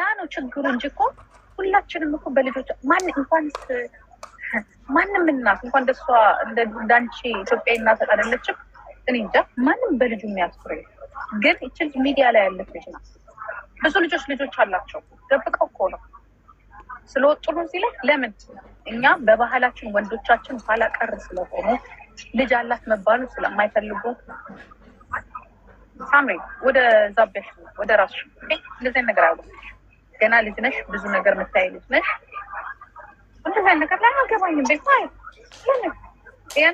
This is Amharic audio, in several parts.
ያ ነው ችግሩ እንጂ እኮ ሁላችንም እኮ በልጆች ማን እንኳን ማንም እናት እንኳን እንደሷ እንዳንቺ ኢትዮጵያ እናት አይደለችም። እኔ እንጃ ማንም በልጁ የሚያስኩር ግን ይችል ሚዲያ ላይ ያለች ልጅ ናት። ብዙ ልጆች ልጆች አላቸው ደብቀው እኮ ነው ስለወጡ ነው እዚህ ላይ ለምን እኛ በባህላችን ወንዶቻችን ኋላ ቀር ስለሆኑ ልጅ አላት መባሉ ስለማይፈልጉ ሳምሪ ወደ ዛቤሽ ወደ ራስሽ እንደዚህ ነገር አያወቅሽ ገና ልጅ ነሽ፣ ብዙ ነገር የምታይ ልጅ ነሽ። እንደዛ ነገር ላይ አልገባኝም። ቤት እኔ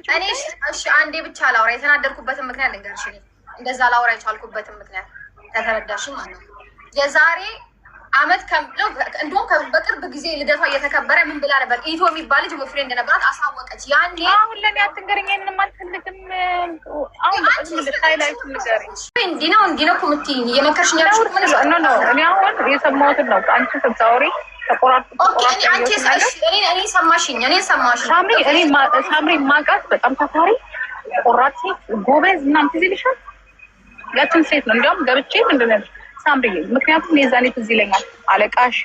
አንዴ ብቻ ላውራ የተናደርኩበትን ምክንያት ልንገርሽ። እንደዛ ላውራ የቻልኩበትን ምክንያት ከተረዳሽ ማለት ነው የዛሬ አመት ከምለው እንደውም በቅርብ ጊዜ ልደቷ እየተከበረ ምን ብላ ነበር? ኢቶ የሚባል ልጅ ቦይፍሬንድ እንደነበራት አሳወቀች። ያኔ አሁን ለእኔ አትንገረኝ፣ ይሄንን አልፈልግም። አሁን እንዲህ ነው እንዲህ ነው ኮሚቲ እየመከርሽኝ ያልሽው ነው እኔ አሁን የሰማሁትን ነው አንቺ ስታወሪ ተቆራጥቆራጥእኔ ሳምሪ ማቃት በጣም ታታሪ ቆራጥ ጎበዝ ምናምን ትዝ ይልሻል። ያችን ሴት ነው እንዲያውም ገብቼ ምንድን ነው ሳምሪ ምክንያቱም የዛኔ ትዝ ይለኛል አለቃሽ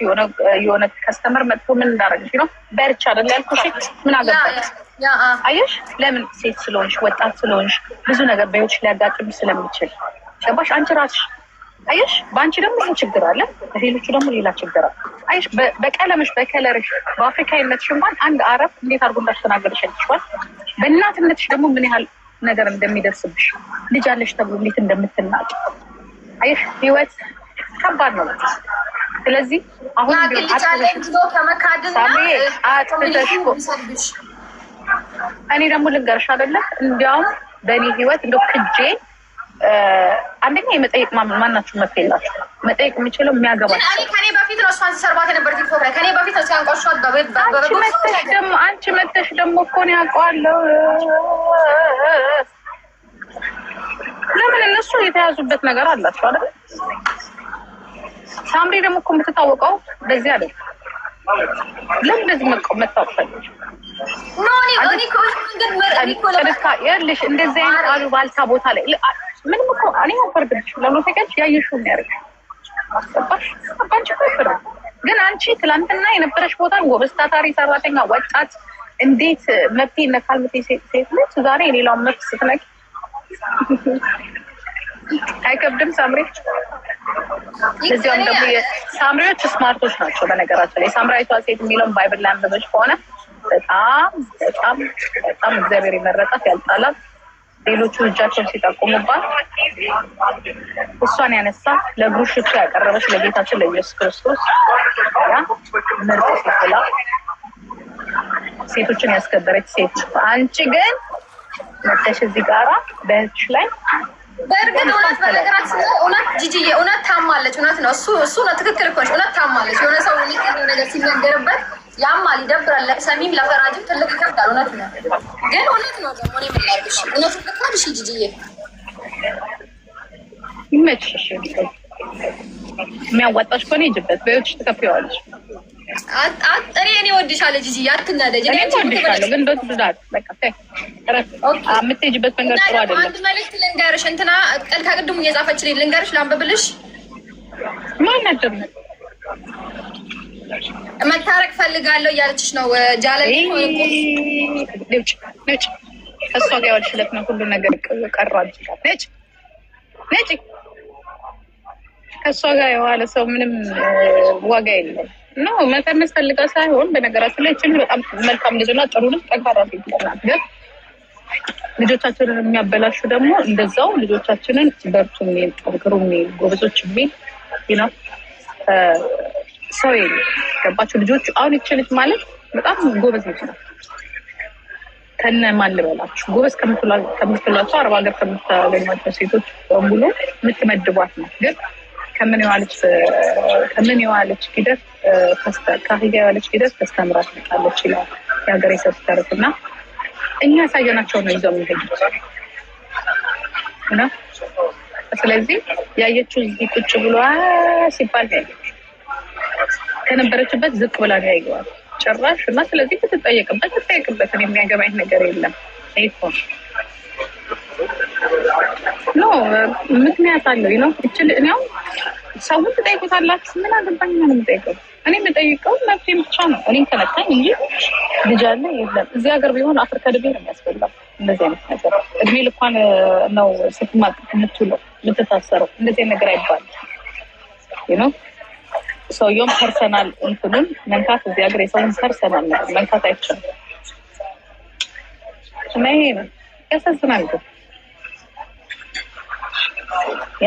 የሆነ ከስተመር መጥቶ ምን እንዳደረግሽ ነው በርቻ አይደል ያልኩሽ ምን አገባሽ አየሽ ለምን ሴት ስለሆንሽ ወጣት ስለሆንሽ ብዙ ነገር በህይወትሽ ሊያጋጥም ስለሚችል ገባሽ አንቺ ራስሽ አየሽ በአንቺ ደግሞ ይህን ችግር አለ በሌሎቹ ደግሞ ሌላ ችግር አለ አየሽ በቀለምሽ በከለርሽ በአፍሪካዊነትሽ እንኳን አንድ አረብ እንዴት አድርጎ እንዳስተናገደሽ ያልችዋል በእናትነትሽ ደግሞ ምን ያህል ነገር እንደሚደርስብሽ ልጅ አለሽ ተብሎ እንዴት እንደምትናቅ ይህ ህይወት ከባድ ነው። ስለዚህ አሁን እኔ ደግሞ ልንገርሽ አይደለ እንዲያውም በእኔ ህይወት እንደ ክጄ አንደኛ የመጠየቅ ማናቸው መፍ የላችሁ። መጠየቅ የሚችለው የሚያገባ ከኔ በፊት ነው። እሷን ሲሰርባት ቲክቶክ ላይ ከኔ በፊት ነው አንቺ መተሽ ደግሞ እኮ ነው የተያዙበት ነገር አላቸው አይደል? ሳምሪ ደግሞ እኮ የምትታወቀው በዚህ አይደል? ለምን በዚህ መታወቅ ይኸውልሽ፣ እንደዚህ አይነት ባልታ ቦታ ላይ ምንም እኮ እኔ አልፈርድብሽም። ለምን ተቀጭ ያየሽው የሚያደርግ ባንቺ ኮፍር ግን አንቺ ትላንትና የነበረሽ ቦታ ጎበዝ፣ ታታሪ ሰራተኛ፣ ወጣት እንዴት መብት ነካል ምት ሴት ልጅ ዛሬ የሌላውን መብት ስትነቂ አይከብድም። ሳምሪ እዚያም ደግሞ ሳምሪዎች ስማርቶች ናቸው። በነገራችን ላይ ሳምራዊቷ ሴት የሚለውን ባይብል ላይ አንብበሽ ከሆነ በጣም በጣም በጣም እግዚአብሔር የመረጣት ያልጣላት ሌሎቹ እጃቸውን ሲጠቁሙባት እሷን ያነሳ ለእግሩ ሽቱ ያቀረበች ለጌታችን ለኢየሱስ ክርስቶስ ምርጥ ሴት ብላ ሴቶችን ያስከበረች ሴት። አንቺ ግን መተሽ እዚህ ጋራ በህዝሽ ላይ በእርግጥ እውነት በነገራችን ላይ እውነት ጂጂዬ እውነት ታማለች። እውነት ነው እሱ እሱ ነው ትክክል እኮ ነሽ። እውነት ታማለች። የሆነ ሰው የሚቀር ነገር ሲነገርበት ያማል፣ ይደብራል። ለሰሚም ለፈራጅም ትልቅ ይከብዳል። እውነት ነው ግን እውነት ነው ደግሞ እኔ የምላርግሽ እውነቱ ልካድሽ ጂጂዬ ይመችሽ። የሚያዋጣሽ ከሆነ ይጅበት በህይወትሽ ትከፍይዋለሽ። እኔ እኔ ወድሻለ ጂጂዬ፣ አትናደጅ። እኔ እወድሻለሁ ግን ዶት ብዛት በቃ የምትሄጂበት መንገድ ጥሩ አይደለም። አንድ መልዕክት ልንገርሽ፣ እንትና ቀልካ ቅድሙ ልንገርሽ፣ ላንብብልሽ። መታረቅ ፈልጋለሁ እያለችሽ ነው። ከእሷ ጋር ነው ሁሉ ነገር ቀሯል። ከእሷ ጋር የዋለ ሰው ምንም ዋጋ የለም። ነው መተነስ ፈልጋ ሳይሆን በነገራችን ላይ ችን በጣም መልካም ልጅ ጥሩ ልጅ፣ ጠንካራ ሴት ናት ግን ልጆቻችንን የሚያበላሹ ደግሞ እንደዛው ልጆቻችንን በርቱ የሚል ጠንክሩ የሚል ጎበዞች የሚል ነው ሰው ገባቸው። ልጆቹ አሁን ይችልች ማለት በጣም ጎበዝ ልጅ ነው። ከነ ማን ልበላችሁ ጎበዝ ከምትሏቸው አረብ ሀገር ከምታገኟቸው ሴቶች በሙሉ የምትመድቧት ነው። ግን ከምን የዋለች ከምን የዋለች ሂደት ከአህያ የዋለች ሂደት ተስተምራት ትመጣለች ይላል የሀገር የሰብ ተርፍ እና እኛ ያሳየናቸው ነው ይዘው የሚሄዱት እና ስለዚህ ያየችው እዚህ ቁጭ ብሏ ሲባል ከነበረችበት ዝቅ ብላ ያየዋል ጭራሽ እና ስለዚህ ብትጠየቅበት ትጠየቅበትን የሚያገባኝ ነገር የለም። ይኮ ኖ ምክንያት አለው ነው እችል እኔው ሰውን ትጠይቁታላችሁ። ምን አገባኝ ነው የምጠይቀው? እኔ የምጠይቀው መብቴን ብቻ ነው እኔን ከነካኝ እንጂ ልጅ አለ የለም። እዚህ ሀገር ቢሆን አፍር ከድቤ ነው የሚያስበላው። እንደዚህ አይነት ነገር እድሜ ልኳን ነው ስትማቅ የምትውለው የምትታሰረው። እንደዚህ ነገር አይባልም ነው ሰውየውም ፐርሰናል እንትኑን መንካት እዚህ ሀገር የሰውን ፐርሰናል ነገር መንካት አይችልም። እና ይሄ ነው ያሳዝናል። ግን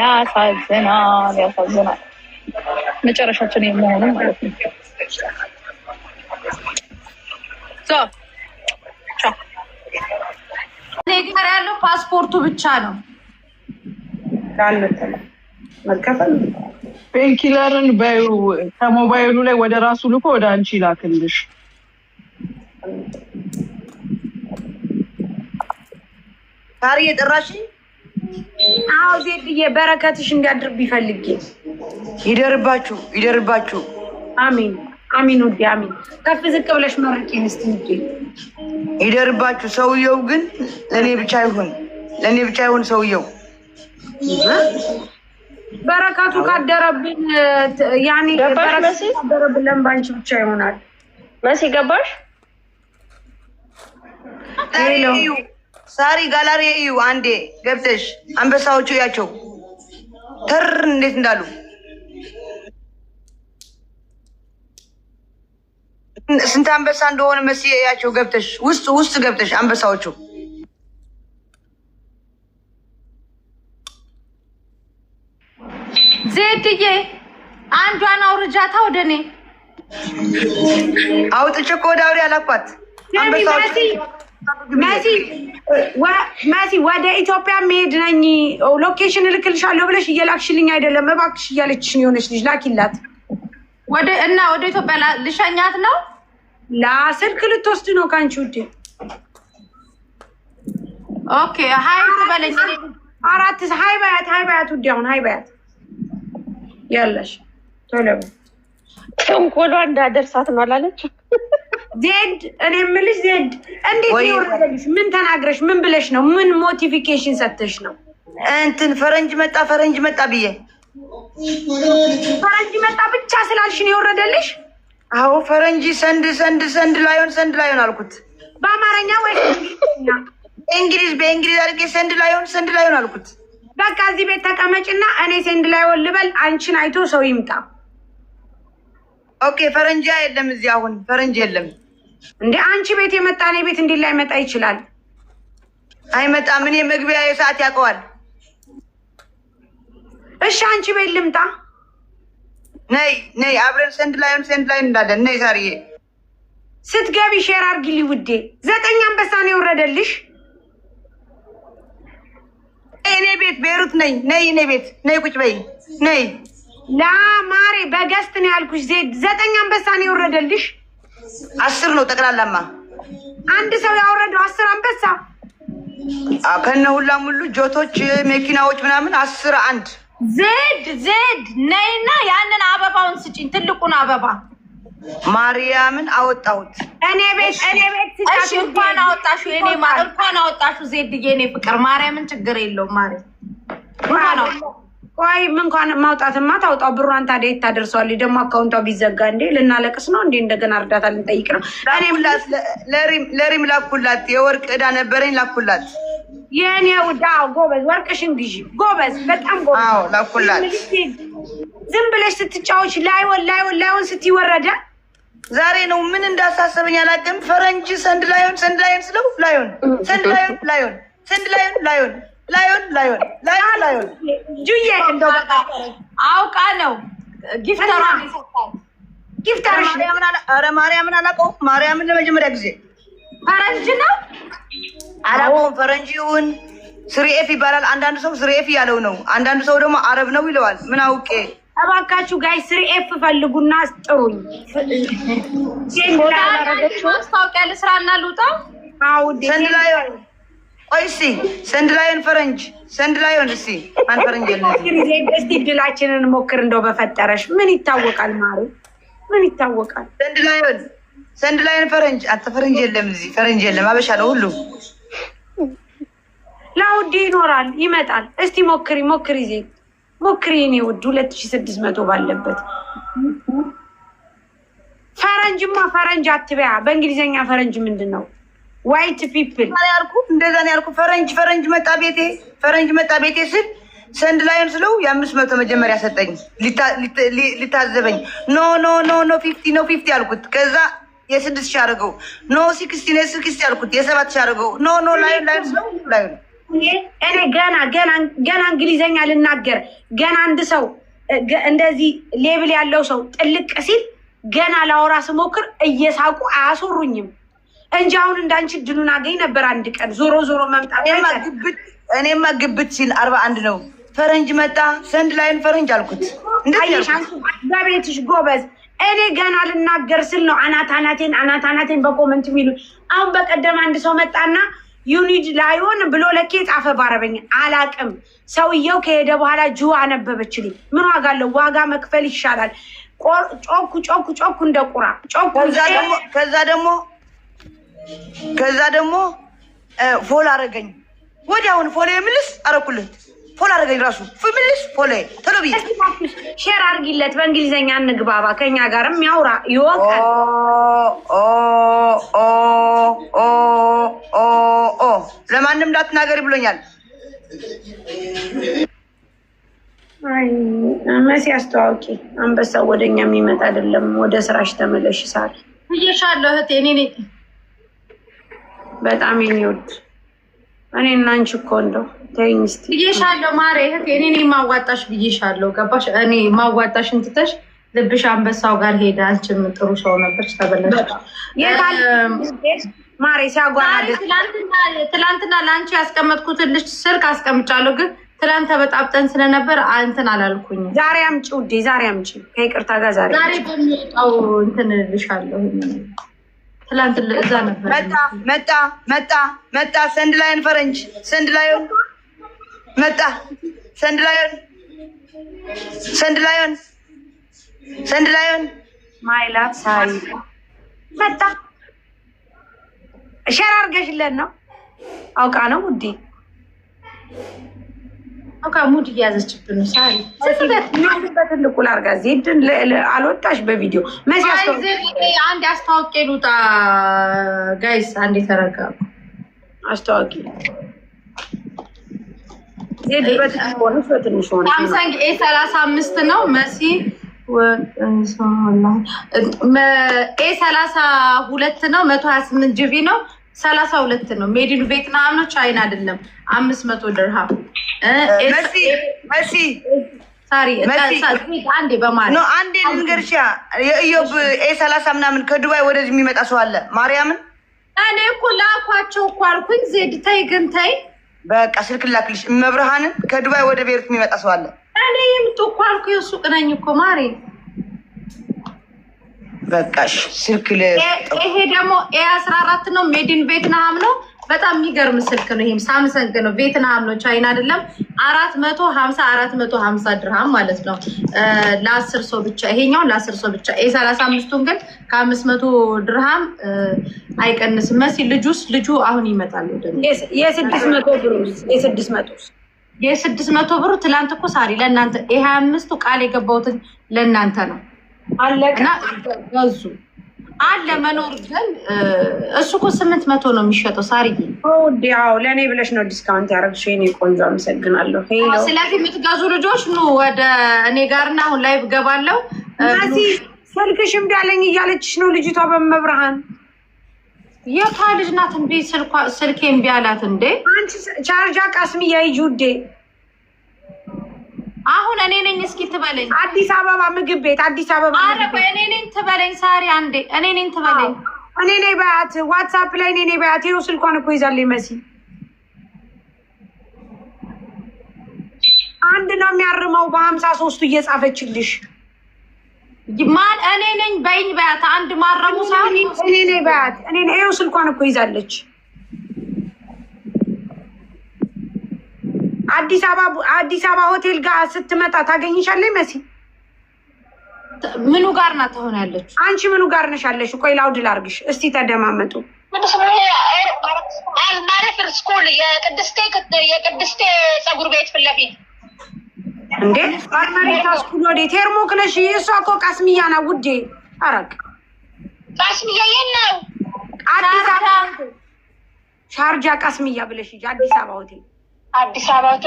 ያሳዝናል፣ ያሳዝናል መጨረሻችን የመሆኑ ማለት ነው። እኔ ጋር ያለው ፓስፖርቱ ብቻ ነው። ፔንኪለርን ከሞባይሉ ላይ ወደ ራሱ ልኮ ወደ አንቺ የጠራሽ? አዎ ዜድዬ፣ በረከትሽ እንዲያድርብ ይደርባችሁ፣ ይደርባችሁ። አሜን አሚን ውዴ አሚን። ከፍ ዝቅ ብለሽ መርቂን ንስት ውዴ። ይደርባችሁ። ሰውየው ግን ለእኔ ብቻ ይሁን፣ ለእኔ ብቻ ይሁን። ሰውየው በረከቱ ካደረብን ያኔ በረከቱ ካደረብን ለምን ባንቺ ብቻ ይሆናል? መሲ ገባሽ? ሳሪ ጋላሪ እዩ አንዴ ገብተሽ አንበሳዎቹ እያቸው ተር እንዴት እንዳሉ ስንት አንበሳ እንደሆነ መስያቸው ገብተሽ ውስጥ ውስጥ ገብተሽ አንበሳዎቹ ዜድዬ አንዷን አውርጃታ ወደ እኔ አውጥቼ እኮ ወደ አውሪ አላኳት። መሲ ወደ ኢትዮጵያ መሄድ ነኝ ሎኬሽን እልክልሻለሁ ብለሽ እየላክሽልኝ አይደለም እባክሽ እያለችሽ የሆነች ልጅ ላኪላት እና ወደ ኢትዮጵያ ልሻኛት ነው ለስልክ ልትወስድ ነው ከአንቺ ውዴ። ኦኬ ሀይ በለኝ። አራት ሀይ በያት፣ ሀይ በያት ውዴ። አሁን ሀይ በያት ያለሽ ቶሎ ተንኮሏ እንዳደርሳት ነው አላለች። ዜድ እኔ የምልሽ ዜድ፣ እንዴት የወረደልሽ? ምን ተናግረሽ? ምን ብለሽ ነው? ምን ሞቲፊኬሽን ሰተሽ ነው? እንትን ፈረንጅ መጣ ፈረንጅ መጣ ብዬ ፈረንጅ መጣ ብቻ ስላልሽ ነው የወረደልሽ? አዎ ፈረንጂ ሰንድ ሰንድ ሰንድ ላዮን ሰንድ ላዮን አልኩት። በአማርኛ ወይ እንግሊዝ በእንግሊዝ አድርጌ ሰንድ ላዮን ሰንድ ላዮን አልኩት። በቃ እዚህ ቤት ተቀመጭና እኔ ሰንድ ላዮን ልበል፣ አንቺን አይቶ ሰው ይምጣ። ኦኬ ፈረንጂ የለም እዚህ አሁን ፈረንጂ የለም። እንደ አንቺ ቤት የመጣ እኔ ቤት እንዴት ላይመጣ ይችላል? አይመጣም። እኔ መግቢያ ሰዓት ያውቀዋል። እሺ አንቺ ቤት ልምጣ ነይ ነይ አብረን ሰንድ ላይ ሰንድ ላይ እንዳለን ነይ። ሳርዬ ስትገቢ ሼር አርጊልኝ ውዴ። ዘጠኝ አንበሳ ነው የወረደልሽ። እኔ ቤት ቤሩት ነኝ። ነይ እኔ ቤት ነይ፣ ቁጭ በይ ነይ። ለማሬ በገስት ነው ያልኩሽ። ዜድ ዘጠኝ አንበሳ ነው የወረደልሽ። አስር ነው ጠቅላላማ። አንድ ሰው ያወረደው አስር አንበሳ ከነ ሁላ ሙሉ ጆቶች፣ መኪናዎች ምናምን አስር አንድ ዜድ ዜድ ነይና ያንን አበባውን ስጭኝ፣ ትልቁን አበባ ማርያምን አወጣሁት። እኔ ቤት እኔ ቤት እሺ፣ እንኳን አወጣሽው የኔ ማር፣ እንኳን አወጣሽው ዜድ የኔ ፍቅር፣ ማርያምን ችግር የለውም ማር። ቆይ ምን እንኳን ማውጣትማ ታውጣው፣ ብሯን ታዲያ የት ደግሞ? አካውንቷ ቢዘጋ እንዴ ልናለቅስ ነው እንዴ? እንደገና እርዳታ ልንጠይቅ ነው። እኔም ለሪም ላኩላት፣ የወርቅ እዳ ነበረኝ ላኩላት። የእኔ ውድ አዎ፣ ጎበዝ ወርቅሽን ግዢ ጎበዝ፣ በጣም ጎበዝ። አዎ ላኩላት። ዝም ብለሽ ስትጫዎች ላይሆን ላይሆን ላይሆን ስትወረደ ዛሬ ነው ምን እንዳሳሰበኝ አላውቅም። ፈረንጅ ሰንድ ላይሆን ሰንድ ላይሆን ስለው ላይሆን ሰንድ ላይሆን ላይሆን ሰንድ ላይሆን ላይሆን ላይሆን ላይሆን ላይሆን ላይሆን ጁዬ አውቃ ነው ጊፍተሯ ጊፍተር ማርያምን አላውቀውም። ማርያምን ለመጀመሪያ ጊዜ ፈረንጅ ነው አላውቀውም። ፈረንጅ ይሁን ስሪኤፍ ይባላል። አንዳንድ ሰው ስሪኤፍ ያለው ነው፣ አንዳንድ ሰው ደግሞ አረብ ነው ይለዋል። ምን አውቄ። እባካችሁ ጋይ ስሪኤፍ ፈልጉና አስጥሩኝ። ማስታወቂያ ልስራና ልውጣ። ሰንድላዮን ቆይ እስኪ ሰንድላዮን ፈረንጅ ሰንድላዮን እስኪ ማን ፈረንጅ እስኪ ድላችንን ሞክር እንደው በፈጠረሽ። ምን ይታወቃል ማሪ፣ ምን ይታወቃል። ሰንድላዮን ሰንድላዮን ፈረንጅ አተ ፈረንጅ የለም እዚህ ፈረንጅ የለም። አበሻ ነው ሁሉ ለአውዴ ይኖራል ይመጣል። እስቲ ሞክሪ ሞክሪ ዜ ሞክሪ የኔ ውድ ሁለት ሺ ስድስት መቶ ባለበት ፈረንጅማ ፈረንጅ አትበያ። በእንግሊዝኛ ፈረንጅ ምንድን ነው? ዋይት ፒፕል ያልኩ እንደዛ ነው ያልኩ። ፈረንጅ ፈረንጅ መጣ ቤቴ ፈረንጅ መጣ ቤቴ ስል ሰንድ ላይን ስለው የአምስት መቶ መጀመሪያ ሰጠኝ ሊታዘበኝ። ኖ ኖ ኖ ኖ ፊፍቲ ኖ ፊፍቲ ያልኩት። ከዛ የስድስት ሺ አድርገው ኖ ሲክስቲ ነው ሲክስቲ ያልኩት። የሰባት ሺ አድርገው ኖ ኖ ላይን ላይን ስለው ላይን እኔ ገና ገና ገና እንግሊዘኛ ልናገር ገና አንድ ሰው እንደዚህ ሌብል ያለው ሰው ጥልቅ ሲል ገና ላወራ ስሞክር እየሳቁ አያስሩኝም እንጂ አሁን እንዳንቺ ድሉን አገኝ ነበር አንድ ቀን። ዞሮ ዞሮ መምጣት እኔማ ግብት ሲል አርባ አንድ ነው። ፈረንጅ መጣ ሰንድ ላይን ፈረንጅ አልኩት። በቤትሽ ጎበዝ። እኔ ገና ልናገር ስል ነው አናት አናቴን አናት አናቴን በኮመንት የሚሉ። አሁን በቀደም አንድ ሰው መጣና ዩኒድ ላይሆን ብሎ ለኬ አፈባረበኝ ባረበኝ አላቅም። ሰውየው ከሄደ በኋላ ጁ አነበበችልኝ። ምን ዋጋ አለው? ዋጋ መክፈል ይሻላል። ጮኩ ጮኩ ጮኩ እንደ ቁራ ጮኩ። ከዛ ደግሞ ከዛ ደግሞ ፎል አረገኝ። ወዲያውን ፎል የምልስ አረኩለት። ፎል አድርገኝ ራሱ ፍምልሽ ፎል ቶሎ ብዬ ሼር አድርጊለት። በእንግሊዘኛ እንግባባ፣ ከኛ ጋርም ያውራ ይወቃል። ለማንም እንዳትናገሪ ብሎኛል። መሲ አስተዋውቂ። አንበሳው ወደኛ የሚመጣ አይደለም። ወደ ስራሽ ተመለሽ። ሳል ብዬሻለሁ እህቴ። እኔ በጣም የሚወድ እኔ እና አንቺ እኮ እንደው ተይኝ እስኪ ብዬሻለሁ ማሬ እህቴ። እኔ እኔ ማዋጣሽ ብዬሻለሁ። ገባሽ? እኔ ማዋጣሽ እንትተሽ ልብሽ አንበሳው ጋር ሄደ። አንቺም ጥሩ ሰው ነበርሽ፣ ተበለሽ ማሬ። ሲያጓራደ ትላንትና ለአንቺ ያስቀመጥኩትን ልጅ ስልክ አስቀምጫለሁ፣ ግን ትላንት ተበጣብጠን ስለነበር እንትን አላልኩኝ። ዛሬ አምጪ ውዴ፣ ዛሬ አምጪ። ከይቅርታ ጋር ዛሬ ዛሬ በሚወጣው እንትን ልሻለሁ ትላንት እዛ ነበር። መጣ መጣ መጣ መጣ ሰንድ ላይን ፈረንጅ ሰንድ ላይን መጣ ሰንድ ላይን ሰንድ ላይን ሰንድ ላይን ማይላት ሳይ መጣ ሸር አድርገሽለን ነው አውቃ ነው ውዴ አውቃ ሙድ እያዘችብን ነው። ሳሪ ትልቁ ላርጋ ዜድን አልወጣሽ በቪዲዮ አንድ አስታወቂ ሉጣ ጋይስ፣ አንድ የተረጋ አስታወቂ ሳምሰንግ ኤ ሰላሳ አምስት ነው መሲ ኤ ሰላሳ ሁለት ነው መቶ ሀያ ስምንት ነው ሰላሳ ሁለት ነው ቬትናም ነው ቻይና አይደለም አምስት መቶ ድርሃም መሲ ሳሪ አንዴ በማለት ነው። አንዴ ልንገርሻ የእዮብ ኤ ሰላሳ ምናምን ከዱባይ ወደዚህ የሚመጣ ሰው አለ። ማርያምን እኔ እኮ ላኳቸው እኮ አልኩኝ። ዜድ ተይ ግን ተይ፣ በቃ ስልክ ላክልሽ። መብርሃንን ከዱባይ ወደ ቤሩት የሚመጣ ሰው አለ። እኔ ይምጡ እኮ አልኩኝ። እሱ ቅነኝ እኮ ማሪ። በቃሽ። ስልክ ይሄ ደግሞ ኤ አስራ አራት ነው። ሜድን ቤት ናም ነው በጣም የሚገርም ስልክ ነው። ይሄም ሳምሰንግ ነው፣ ቬትናም ነው፣ ቻይና አይደለም። አራት መቶ ሀምሳ አራት መቶ ሀምሳ ድርሃም ማለት ነው ለአስር ሰው ብቻ። ይሄኛውን ለአስር ሰው ብቻ ይሄ ሰላሳ አምስቱን ግን ከአምስት መቶ ድርሃም አይቀንስም። መሲ ልጁስ ልጁ አሁን ይመጣል የስድስት መቶ ብሩ የስድስት መቶ የስድስት መቶ ብሩ ትላንት እኮ ሳሪ ለእናንተ የሀያ አምስቱ ቃል የገባሁትን ለእናንተ ነው አለቀ ገዙ አለ መኖር ግን እሱ እኮ ስምንት መቶ ነው የሚሸጠው። ሳርዬ ዲው ለእኔ ብለሽ ነው ዲስካውንት ያደረግሽ የእኔ ቆንጆ፣ አመሰግናለሁ። ስለዚህ የምትገዙ ልጆች ኑ ወደ እኔ ጋርና አሁን ላይ ብገባለው እዚህ ስልክሽ እምቢ አለኝ እያለችሽ ነው ልጅቷ በመብርሃን የቷ ልጅ ናት እንዴ? ስልኬ እምቢ አላት እንዴ? አንቺ ቻርጃ ቃስሚ እያይጅ ውዴ አሁን እኔ ነኝ እስኪ ትበለኝ። አዲስ አበባ ምግብ ቤት አዲስ አበባ አረ እኔ ነኝ ትበለኝ። ሳሪ አንዴ እኔ ነኝ ትበለኝ። እኔ ነኝ በያት፣ ዋትሳፕ ላይ እኔ ነኝ በያት። ይኸው ስልኳን እኮ ይዛለኝ መሲ። አንድ ነው የሚያርመው በሀምሳ ሶስቱ እየጻፈችልሽ ማን እኔ ነኝ በይኝ በያት። አንድ ማረሙ ሳሪ እኔ ነኝ በያት። እኔ ነኝ ይኸው ስልኳን እኮ ይዛለች አዲስ አበባ አዲስ አበባ ሆቴል ጋር ስትመጣ ታገኝሻለች። መሲ ምኑ ጋር ናት አሁን ያለች አንቺ ምኑ ጋር ነሽ ያለሽ? ቆይ ላውድ ላርግሽ እስቲ ተደማመጡ። ማለት ስኩል የቅድስቴ የቅድስቴ ፀጉር ቤት ፍለፊት እንዴ ማርማሬታ ስኩል ወዴ ቴርሞክ ነሽ? እሷ እኮ ቃስሚያ ናት ውዴ። አረቅ ቃስሚያ የት ነው? አዲስ አበባ ሻርጃ ቃስሚያ ብለሽ አዲስ አበባ ሆቴል አዲስ አበባ ውጭ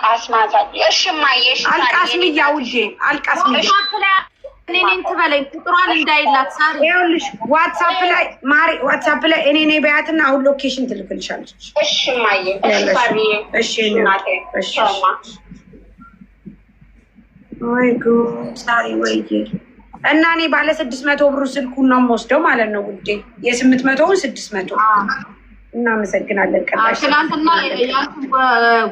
ቃስማዛ እሽማየሽ አልቃስም እያውጄ አልቃስም እኔኔን ትበለኝ ቁጥሯን እንዳይላት ሳሪ ይኸውልሽ፣ ዋትሳፕ ላይ ማሪ ዋትሳፕ ላይ እኔ ነኝ በያትና አሁን ሎኬሽን ትልክልሻለች። እሽማየ ወይ ሳሪ ወይ እና እኔ ባለ ስድስት መቶ ብሩ ስልኩን ነው የምወስደው ማለት ነው ውዴ የስምንት መቶውን ስድስት መቶ እናመሰግናለን። ትናንትና ያንቱ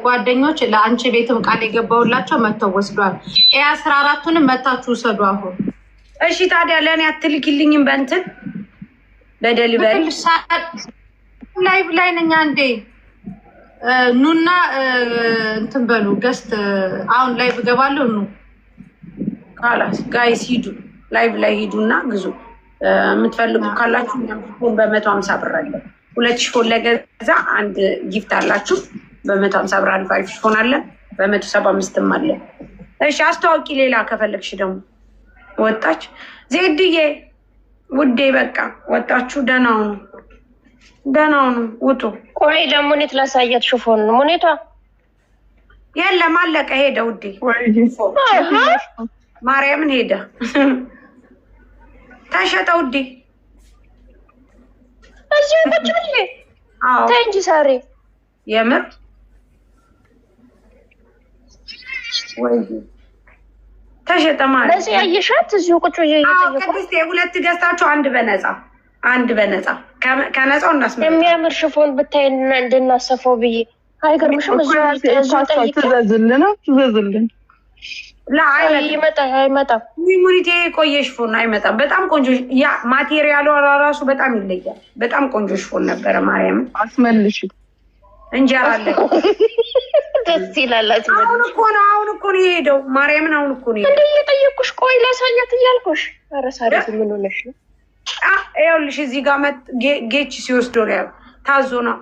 ጓደኞች ለአንቺ ቤትም ቃል የገባውላቸው መጥተው ወስዷል። ይህ አስራ አራቱንም መታችሁ ውሰዱ። አሁን እሺ፣ ታዲያ ለእኔ አትልኪልኝም? በእንትን በደሊቨሪ ላይቭ ላይ ነኝ። አንዴ ኑና እንትን በሉ ገስት። አሁን ላይቭ እገባለሁ። ኑ ካላስ ጋይስ ሂዱ፣ ላይቭ ላይ ሂዱና ግዙ። የምትፈልጉ ካላችሁ በመቶ ሀምሳ ብር አለን ሁለት ሺፎን ለገዛ አንድ ጊፍት አላችሁ። በመቶ ሀምሳ ብር አንዱ አሪፍ አለ። በመቶ ሰባ አምስትም አለ። እሺ አስተዋውቂ። ሌላ ከፈለግሽ ደግሞ ወጣች ዜድዬ ውዴ በቃ ወጣችሁ። ደህና ሁኑ፣ ደህና ሁኑ፣ ውጡ። ቆይ ለሙኔት ላሳየት ሽፎን ነው ሙኔቷ። የለም አለቀ፣ ሄደ ውዴ። ማርያምን ሄደ፣ ተሸጠ ውዴ። እዚሁ ቁጭ ብዬ ተይ እንጂ ሳሪ የምር ወይ ተሸጠ ማለት ለዚህ ያየሻት እዚሁ ቁጭ ብዬ ቅድስት የሁለት ገዝታችሁ አንድ በነፃ አንድ በነፃ ከነፃው እናስመ የሚያምር ሽፎን ብታይና እንድናሰፈው ብዬ አይገርምሽም? እዚሁ ትዘዝልን ትዘዝልን ሚሙኒቴ አይመጣም። በጣም ቆንጆ ያ ማቴሪያሉ ራሱ በጣም ይለያል። በጣም ቆንጆ ሽፎን ነበረ። ማርያም አስመልሽ እንጀራ ደስ ይላል። አሁን እኮ ነው አሁን እኮ ነው የሄደው። ማርያምን አሁን እኮ ነው እንደ እየጠየቅኩሽ ቆይ ላሳያት እያልኩሽ ምን ሆነሽ ነው? ይኸውልሽ እዚህ ጋር ጌች ሲወስዶ ነው ያሉ ታዞ ነው